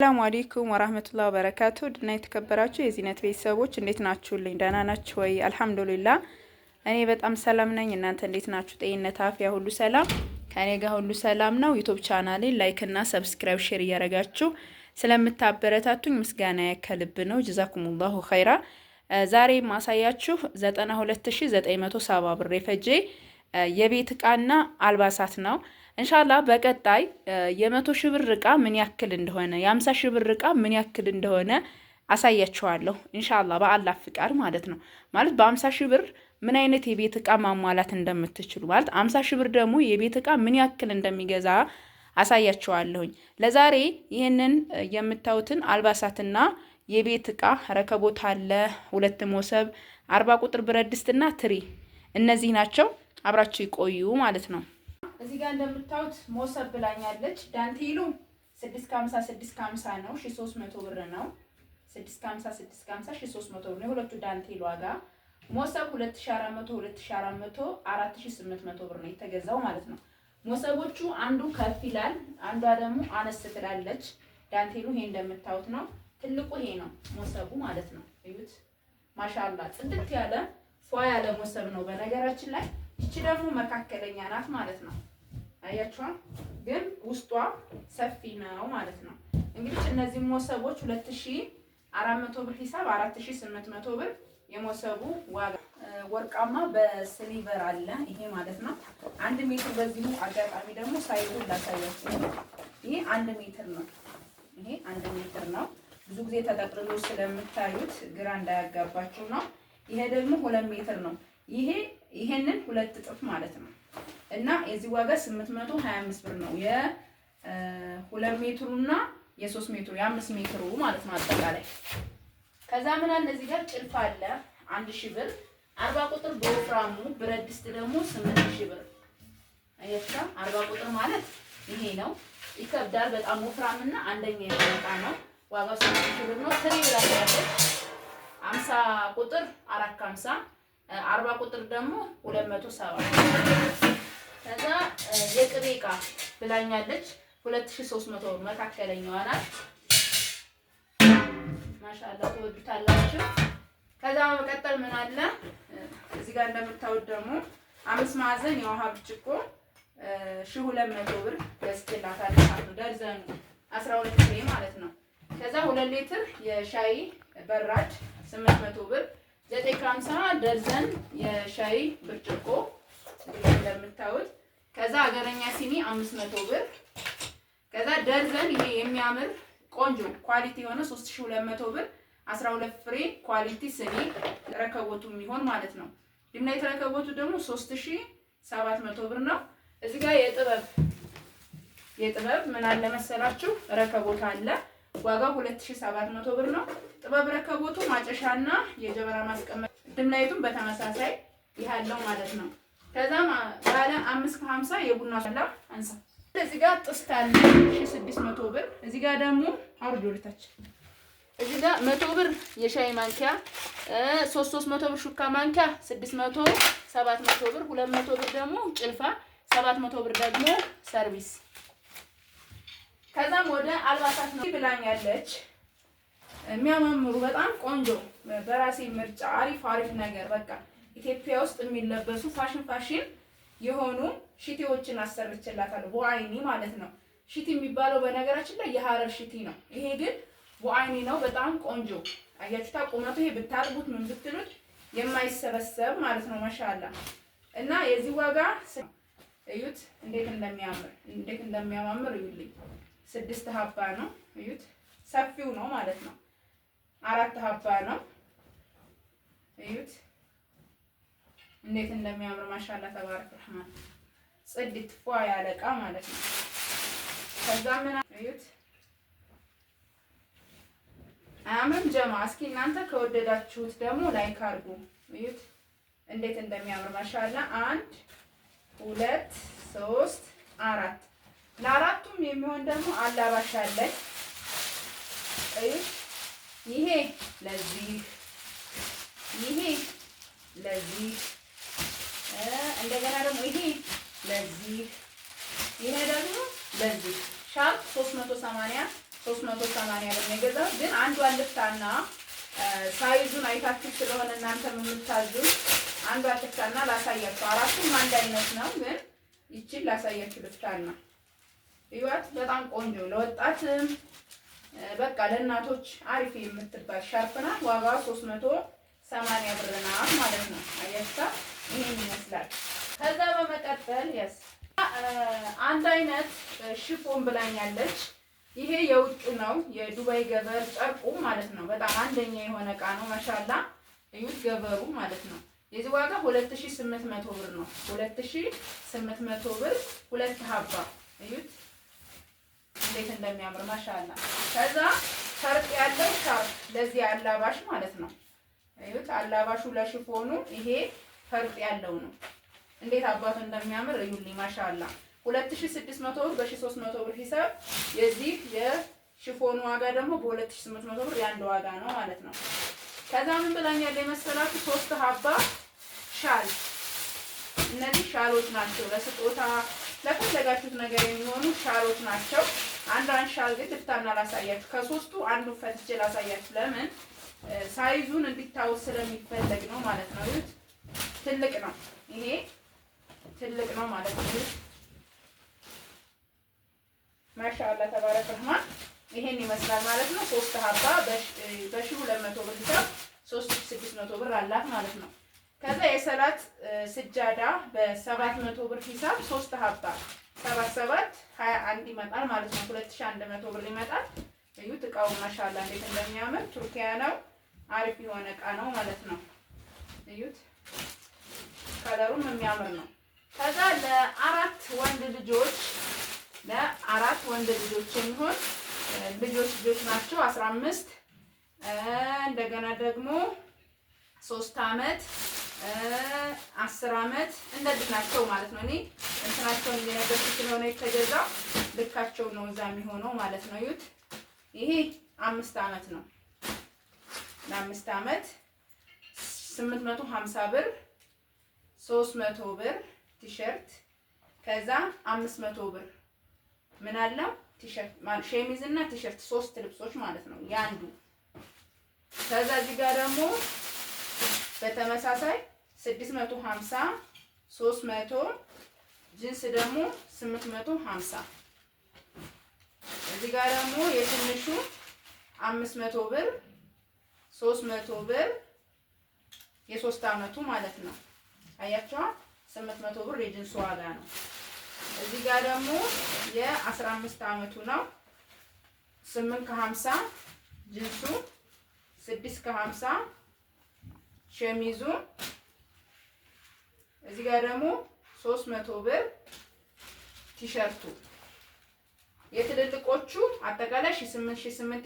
ሰላም አሌይኩም ወራህመቱላ በረካቱ ድና የተከበራችሁ የዚህነት ቤተሰቦች እንዴት ናችሁልኝ? ደህና ናችሁ ወይ? አልሐምዱሊላ እኔ በጣም ሰላም ነኝ። እናንተ እንዴት ናችሁ? ጤንነት፣ አፍያ ሁሉ ሰላም ከእኔ ጋር ሁሉ ሰላም ነው። ዩቱብ ቻናሌን ላይክ እና ሰብስክራይብ፣ ሼር እያደረጋችሁ ስለምታበረታቱኝ ምስጋና ያከልብ ነው። ጀዛኩሙላሁ ኸይራ። ዛሬ ማሳያችሁ 92970 ብር የፈጀ የቤት እቃና አልባሳት ነው። እንሻላ በቀጣይ የመቶ ሺህ ብር እቃ ምን ያክል እንደሆነ የአምሳ ሺህ ብር እቃ ምን ያክል እንደሆነ አሳያችኋለሁ። እንሻላ በአላህ ፍቃድ ማለት ነው። ማለት በአምሳ ሺህ ብር ምን አይነት የቤት እቃ ማሟላት እንደምትችሉ ማለት አምሳ ሺህ ብር ደግሞ የቤት እቃ ምን ያክል እንደሚገዛ አሳያችኋለሁኝ። ለዛሬ ይህንን የምታዩትን አልባሳትና የቤት እቃ ረከቦት አለ፣ ሁለት ሞሰብ፣ አርባ ቁጥር ብረት ድስትና ትሪ እነዚህ ናቸው። አብራችሁ ይቆዩ ማለት ነው። እዚህ ጋር እንደምታዩት ሞሰብ ብላኛለች። ዳንቴሉ 650 650 ነው፣ 1300 ብር ነው። 650 650 1300 ብር ነው የሁለቱ ዳንቴል ዋጋ። ሞሰብ 2400 2400 4800 ብር ነው የተገዛው ማለት ነው። ሞሰቦቹ አንዱ ከፍ ይላል፣ አንዷ ደግሞ አነስ ትላለች። ዳንቴሉ ይሄ እንደምታዩት ነው። ትልቁ ይሄ ነው ሞሰቡ ማለት ነው። እዩት፣ ማሻአላ ጥንት ያለ ፏ ያለ ሞሰብ ነው። በነገራችን ላይ እቺ ደግሞ መካከለኛ ናት ማለት ነው። አያችኋ ግን ውስጧ ሰፊ ነው ማለት ነው። እንግዲህ እነዚህ ሞሰቦች 2400 ብር ሂሳብ 4800 ብር የሞሰቡ ዋጋ። ወርቃማ በስሊቨር አለ ይሄ ማለት ነው። አንድ ሜትር በዚሁ አጋጣሚ ደግሞ ሳይዙ ላሳያችሁ። ይሄ አንድ ሜትር ነው። ይሄ አንድ ሜትር ነው። ብዙ ጊዜ ተጠቅልሎ ስለምታዩት ግራ እንዳያጋባችሁ ነው። ይሄ ደግሞ ሁለት ሜትር ነው። ይሄ ይሄንን ሁለት እጥፍ ማለት ነው እና የዚህ ዋጋ 825 ብር ነው። የ2 ሜትሩና የ3 ሜትሩ የ5 ሜትሩ ማለት ነው አጠቃላይ። ከዛ ምን አለ እዚህ ጋር ጭልፋ አለ 1000 ብር፣ 40 ቁጥር በወፍራሙ ብረት ድስት ደግሞ 8000 ብር። አያቻ 40 ቁጥር ማለት ይሄ ነው። ይከብዳል በጣም ወፍራምና አንደኛ የሚወጣ ነው። ዋጋው 8000 ብር ነው። ትሪ ብላ ያለ 50 ቁጥር 450 አርባ ቁጥር ደግሞ ሁለት መቶ ሰባ ከዛ የቅቤ እቃ ብላኛለች ሁለት ሺህ ሦስት መቶ ብር መካከለኛዋ ናት። ማሻላ ተወዱታላችሁ። ከዛ በመቀጠል ምን አለ እዚህ ጋር እንደምታዩት ደግሞ አምስት ማዕዘን የውሃ ብርጭቆ ሺ ሁለት መቶ ብር ገዝቼላታለሁ ማለት ደርዘኑ አስራ ሁለት ፍሬ ማለት ነው። ከዛ ሁለት ሊትር የሻይ በራድ ስምንት መቶ ብር ዘጠኝ ከሀምሳ ደርዘን የሻይ ብርጭቆ እንደምታዩት። ከዛ ሀገረኛ ሲኒ አምስት መቶ ብር። ከዛ ደርዘን ይሄ የሚያምር ቆንጆ ኳሊቲ የሆነ ሶስት ሺህ ሁለት መቶ ብር አስራ ሁለት ፍሬ ኳሊቲ ስኒ ረከቦቱ የሚሆን ማለት ነው። ድምና የተረከቦቱ ደግሞ ሶስት ሺህ ሰባት መቶ ብር ነው። እዚህ ጋር የጥበብ የጥበብ ምን አለ መሰላችሁ ረከቦት አለ ዋጋው 2700 ብር ነው። ጥበብ ረከቦቱ ማጨሻና የጀበና ማስቀመጫ ድምላይቱም በተመሳሳይ ይሄለው ማለት ነው። ከዛ ባለ 5 50 የቡና ሰላ አንሳ እዚህ ጋር ጥስት አለ 1600 ብር። እዚህ ጋር ደግሞ አውርዶ ልታች እዚህ ጋር 100 ብር የሻይ ማንኪያ 3 300 ብር ሹካ ማንኪያ 600 700 ብር 200 ብር ደግሞ ጭልፋ 700 ብር ደግሞ ሰርቪስ ከዛም ወደ አልባሳት ነው ያለች የሚያማምሩ በጣም ቆንጆ በራሴ ምርጫ አሪፍ አሪፍ ነገር በቃ ኢትዮጵያ ውስጥ የሚለበሱ ፋሽን ፋሽን የሆኑ ሽቲዎችን አሰርችላታለሁ። በአይኒ ማለት ነው። ሽቲ የሚባለው በነገራችን ላይ የሀረር ሽቲ ነው። ይሄ ግን በአይኒ ነው። በጣም ቆንጆ አያችሁታ ቁመቱ። ይሄ ብታርቡት ምን ብትሉት የማይሰበሰብ ማለት ነው። ማሻላ እና የዚህ ዋጋ እዩት፣ እንዴት እንደሚያምር እንዴት እንደሚያማምር እዩልኝ። ስድስት ሀባ ነው። እዩት፣ ሰፊው ነው ማለት ነው። አራት ሀባ ነው። እዩት እንዴት እንደሚያምር ማሻላ ተባረክ ረህማን። ጽድት ፏ ያለቃ ማለት ነው። ከዛ ምን እዩት፣ አያምርም ጀማ? እስኪ እናንተ ከወደዳችሁት ደግሞ ላይክ አድርጉ። እዩት እንዴት እንደሚያምር ማሻላ። አንድ ሁለት ሶስት አራት ለአራቱም የሚሆን ደግሞ አላባሽ አለኝ። ይሄ ለዚህ ይሄ ለዚህ እንደገና ደግሞ ይሄ ለዚህ ይሄ ደግሞ ለዚህ ሻርፕ 380 380 ነው የገዛሁት። ግን አንዷን ልፍታና ሳይዙን አይታችሁ ስለሆነ እናንተ የምታዙ አንዷን ልፍታና ላሳያችሁ። አራቱም አንድ አይነት ነው፣ ግን ይቺን ላሳያችሁ ልፍታና ይዋት በጣም ቆንጆ ለወጣትም በቃ ለእናቶች አሪፍ የምትባል ሻርፕ ናት። ዋጋ 380 ብር ናት ማለት ነው። አያስታ ይሄን ይመስላል። ከዛ በመቀጠል ያስ አንድ አይነት ሽፎን ብላኛለች። ይሄ የውጭ ነው የዱባይ ገበር ጨርቁ ማለት ነው። በጣም አንደኛ የሆነ እቃ ነው። መሻላ እዩት ገበሩ ማለት ነው። የዚህ ዋጋ 2800 ብር ነው። 2800 ብር ሁለት ሀባ እዩት እንዴት እንደሚያምር ማሻላ። ከዛ ሸርጥ ያለው ሻርፕ ለዚህ አላባሽ ማለት ነው። እዩት፣ አላባሹ ለሽፎኑ ይሄ ፈርጥ ያለው ነው። እንዴት አባቱ እንደሚያምር እዩልኝ። ማሻላ 2600 ብር በ300 ብር ሂሳብ የዚህ የሽፎኑ ዋጋ ደግሞ በ2800 ብር ያንድ ዋጋ ነው ማለት ነው። ከዛ ምን ብላኛለሁ የመሰላችሁ ሶስት ሀባ ሻል። እነዚህ ሻሎች ናቸው ለስጦታ ለፈለጋችሁት ነገር የሚሆኑ ሻሎች ናቸው። አንዷን ሻል ግን ልፍታና ላሳያችሁ። ከሶስቱ አንዱ ፈትቼ ላሳያችሁ። ለምን ሳይዙን እንዲታወስ ስለሚፈለግ ነው ማለት ነው። ይሁት ትልቅ ነው፣ ይሄ ትልቅ ነው ማለት ነው። ማሻአላ ተባረከ ረህማን ይሄን ይመስላል ማለት ነው። ሶስት ሀባ በሺ ሁለት መቶ ብር ብቻ ሶስት ስድስት መቶ ብር አላት ማለት ነው። ከዛ የሰላት ስጃዳ በሰባት መቶ ብር ሂሳብ ሶስት ሀባ ሰባት ሰባት ሀያ አንድ ይመጣል ማለት ነው። ሁለት አንድ መቶ ብር ይመጣል። እዩት እቃው ማሻላ እንዴት እንደሚያምር ቱርኪያ ነው። አሪፍ የሆነ እቃ ነው ማለት ነው። እዩት ከለሩም የሚያምር ነው። ከዛ ለአራት ወንድ ልጆች ለአራት ወንድ ልጆች የሚሆን ልጆች ልጆች ናቸው አስራ አምስት እንደገና ደግሞ ሶስት አመት አስር አመት እንደዚህ ናቸው ማለት ነው። እኔ እንትናቸውን እየነገርኩ ስለሆነ የተገዛ ልካቸው ነው እዛ የሚሆነው ማለት ነው። ዩት ይሄ አምስት አመት ነው። ለአምስት አመት ስምንት መቶ ሀምሳ ብር ሶስት መቶ ብር ቲሸርት ከዛ አምስት መቶ ብር ምን አለው ቲሸርት ሸሚዝ እና ቲሸርት ሶስት ልብሶች ማለት ነው ያንዱ ከዛ እዚህ ጋር ደግሞ በተመሳሳይ 650 300 ጅንስ ደግሞ 850 እዚህ ጋር ደግሞ የትንሹ 500 ብር 300 ብር የሶስት አመቱ ማለት ነው። አያቸዋ 800 ብር የጅንሱ ዋጋ ነው። እዚህ ጋር ደግሞ የ15 አመቱ ነው። 8 ከ50 ጅንሱ 6 ከ50 ሸሚዙ እዚህ ጋር ደግሞ 300 መቶ ብር ቲሸርቱ የትልልቆቹ አጠቃላይ ሺህ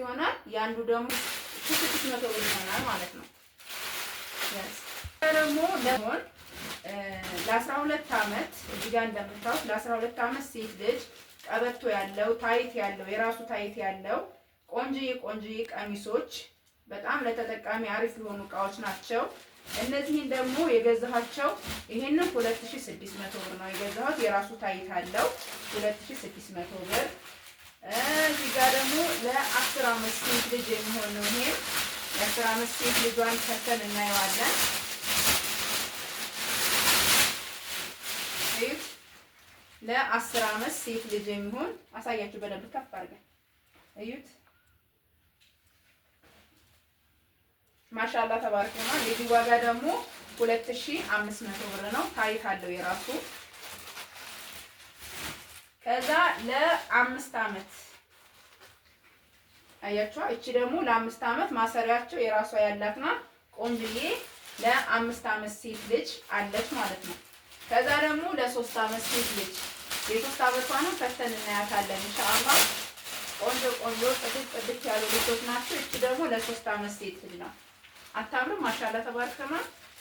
ይሆናል። ያንዱ ደግሞ 600 ብር ይሆናል ማለት ነው። ደግሞ ለሆን ለ12 ዓመት እዚህ ጋር እንደምታውቁ ለ12 ዓመት ሴት ልጅ ቀበቶ ያለው ታይት ያለው የራሱ ታይት ያለው ቆንጅዬ ቆንጅዬ ቀሚሶች በጣም ለተጠቃሚ አሪፍ የሆኑ እቃዎች ናቸው። እነዚህን ደግሞ የገዛኋቸው ይሄንን 2600 ብር ነው የገዛሁት። የራሱ ታይት አለው 2600 ብር። እዚህ ጋር ደግሞ ለ10 አመት ሴት ልጅ የሚሆን ነው። ይሄ ለ10 አመት ሴት ልጇን ከተን እናየዋለን። ለ10 አመት ሴት ልጅ የሚሆን አሳያችሁ በደንብ ከፍ አድርገን እዩት። ማሻላ ነው። የዚህ ዋጋ ደግሞ 2500 ብር ነው። ታሪክ አለው የራሱ። ከዛ ለአምስት አመት አያችኋ። እቺ ደግሞ ለአምስት አመት ማሰሪያቸው የራሷ ያላት ናት። ቆንጅዬ ለአምስት አመት ሴት ልጅ አለች ማለት ነው። ከዛ ደግሞ ለሶስት አመት ሴት ልጅ የሶስት አመቷንም ፈተን እናያታለን ኢንሻአላህ። ቆንጆ ቆንጆ ጥድት ጥድት ያሉ ልጆች ናቸው። እቺ ደግሞ ለሶስት አመት ሴት ልጅ ነው። አታምርም? ማሻላ ተባርከማ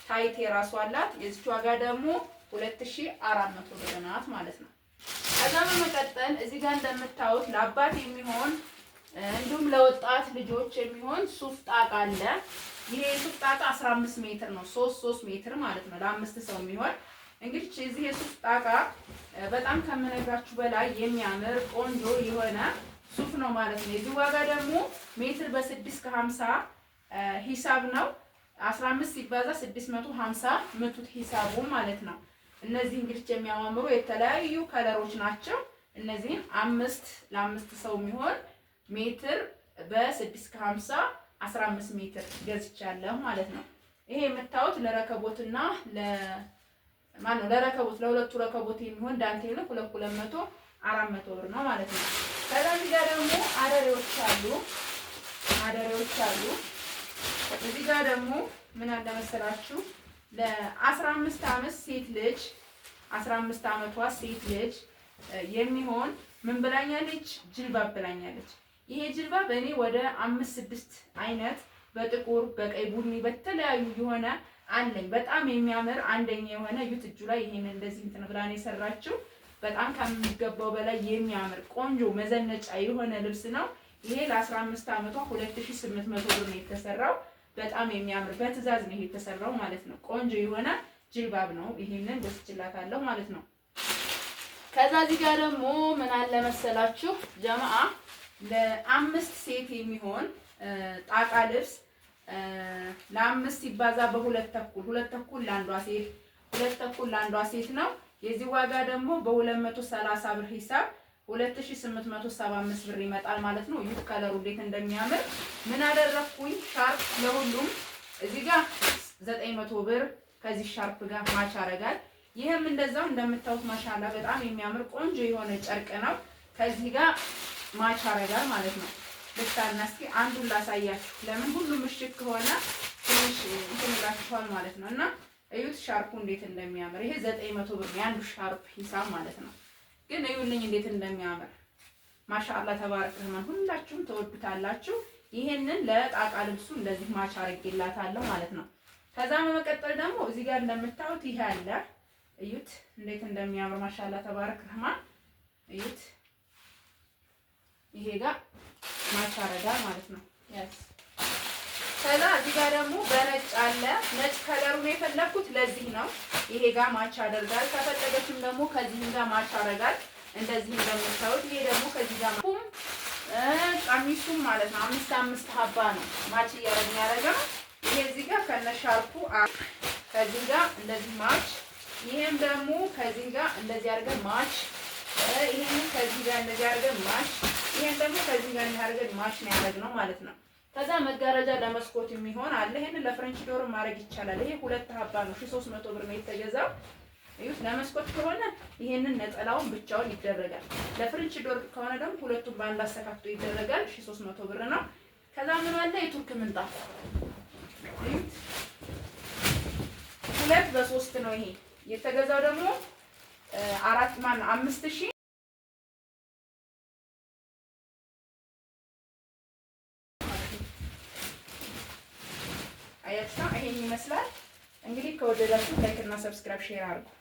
ታይት የራሱ አላት። የዚች ዋጋ ደግሞ 2400 ብር ናት ማለት ነው። ከዛ በመቀጠል እዚህ ጋር እንደምታዩት ለአባት የሚሆን እንዲሁም ለወጣት ልጆች የሚሆን ሱፍ ጣቃ አለ። ይሄ የሱፍ ጣቃ 15 ሜትር ነው፣ 3 3 ሜትር ማለት ነው። ለአምስት ሰው የሚሆን እንግዲህ እዚህ የሱፍ ጣቃ በጣም ከምነግራችሁ በላይ የሚያምር ቆንጆ የሆነ ሱፍ ነው ማለት ነው። የዚህ ዋጋ ደግሞ ሜትር በ6 ከ50 ሂሳብ ነው። 15 ሲባዛ 650 ምቱት ሂሳቡ ማለት ነው። እነዚህ እንግዲህ የሚያማምሩ የተለያዩ ከለሮች ናቸው። እነዚህን አምስት ለአምስት ሰው የሚሆን ሜትር በ 650 15 ሜትር ገዝቻለሁ ማለት ነው። ይሄ የምታዩት ለረከቦትና ለ ማን ነው ለረከቦት ለሁለቱ ረከቦት የሚሆን ዳንቴል 2200 400 ብር ነው ማለት ነው። ከዛ እዚህ ጋር ደግሞ አደሬዎች አሉ አደሬዎች አሉ እዚህ ጋር ደግሞ ምን አለ መሰላችሁ ለአስራ አምስት ዓመት ሴት ልጅ 15 አመቷ ዓመቷ ሴት ልጅ የሚሆን ምን ብላኛለች? ጅልባብ ብላኛለች። ይሄ ጅልባብ እኔ ወደ አምስት ስድስት አይነት በጥቁር በቀይ ቡኒ በተለያዩ የሆነ አለኝ። በጣም የሚያምር አንደኛ የሆነ ዩት እጁ ላይ ይሄን እንደዚህ እንትን ብላ ነው የሰራችው። በጣም ከሚገባው በላይ የሚያምር ቆንጆ መዘነጫ የሆነ ልብስ ነው። ይሄ ለ15 ዓመቷ 2800 ብር ነው የተሰራው። በጣም የሚያምር በትዕዛዝ ነው የተሰራው ማለት ነው። ቆንጆ የሆነ ጅልባብ ነው። ይሄንን ገዝቼላታለሁ ማለት ነው። ከዛ እዚህ ጋር ደግሞ ምን አለ መሰላችሁ ጀማአ ለአምስት ሴት የሚሆን ጣቃ ልብስ ለአምስት ሲባዛ በሁለት ተኩል ሁለት ተኩል ለአንዷ ሴት ሁለት ተኩል ለአንዷ ሴት ነው። የዚህ ዋጋ ደግሞ በ230 ብር ሂሳብ 2875 ብር ይመጣል ማለት ነው። ይህ ከለሩ እንዴት እንደሚያምር ምን አደረግኩኝ? ሻርፕ ለሁሉም እዚህ ጋር 900 ብር ከዚህ ሻርፕ ጋር ማች ያደርጋል። ይህም እንደዛው እንደምታዩት ማሻላ በጣም የሚያምር ቆንጆ የሆነ ጨርቅ ነው። ከዚህ ጋር ማች ያደርጋል ማለት ነው። ልታና እስኪ አንዱን ላሳያችሁ። ለምን ሁሉም ምሽት ከሆነ ትንሽ እንትንላችኋል ማለት ነው። እና እዩት ሻርፑ እንዴት እንደሚያምር ይሄ 900 ብር የአንዱ ሻርፕ ሂሳብ ማለት ነው። ግን እዩልኝ እንዴት እንደሚያምር ማሻአላ ተባረክ ረህማን፣ ሁላችሁም ተወዱታላችሁ። ይሄንን ለጣቃ ልብሱ እንደዚህ ማች አድርጌላታለሁ ማለት ነው። ከዛ በመቀጠል ደግሞ እዚህ ጋር እንደምታዩት ይሄ አለ። እዩት እንዴት እንደሚያምር ማሻአላ ተባረክ ረህማን፣ እዩት። ይሄ ጋር ማች አረጋ ማለት ነው ያስ ከዛ እዚህ ጋር ደግሞ በነጭ አለ። ነጭ ከለሩን የፈለኩት ለዚህ ነው። ይሄ ጋር ማች አደርጋል። ከፈለገችም ደግሞ ከዚህም ጋር ማች አደርጋል። እንደዚህ እንደምታዩት ይሄ ደግሞ ከዚህ ጋር ቀሚሱም ማለት ነው። አምስት አምስት ሀባ ነው ማች እያደረግን ያደረገ ነው። ይሄ እዚህ ጋር ከነሻርኩ ከዚህ ጋር እንደዚህ ማች፣ ይሄም ደግሞ ከዚህ ጋር እንደዚህ አድርገን ማች፣ ይሄንም ከዚህ ጋር እንደዚህ አድርገን ማች፣ ይሄን ደግሞ ከዚህ ጋር አድርገን ማች ነው ያደረግነው ማለት ነው። ከዛ መጋረጃ ለመስኮት የሚሆን አለ። ይሄን ለፍሬንች ዶር ማድረግ ይቻላል። ይሄ ሁለት ሀባ ነው፣ 300 መቶ ብር ነው የተገዛው። እዩት። ለመስኮት ከሆነ ይሄንን ነጠላውን ብቻውን ይደረጋል። ለፍሬንች ዶር ከሆነ ደግሞ ሁለቱም በአንድ አስተካክቶ ይደረጋል። 300 መቶ ብር ነው። ከዛ ምን አለ? የቱርክ ምንጣፍ ሁለት በሶስት ነው ይሄ የተገዛው ደግሞ አራት ማን አምስት ሺህ poderia clicar aqui na subscrever e algo.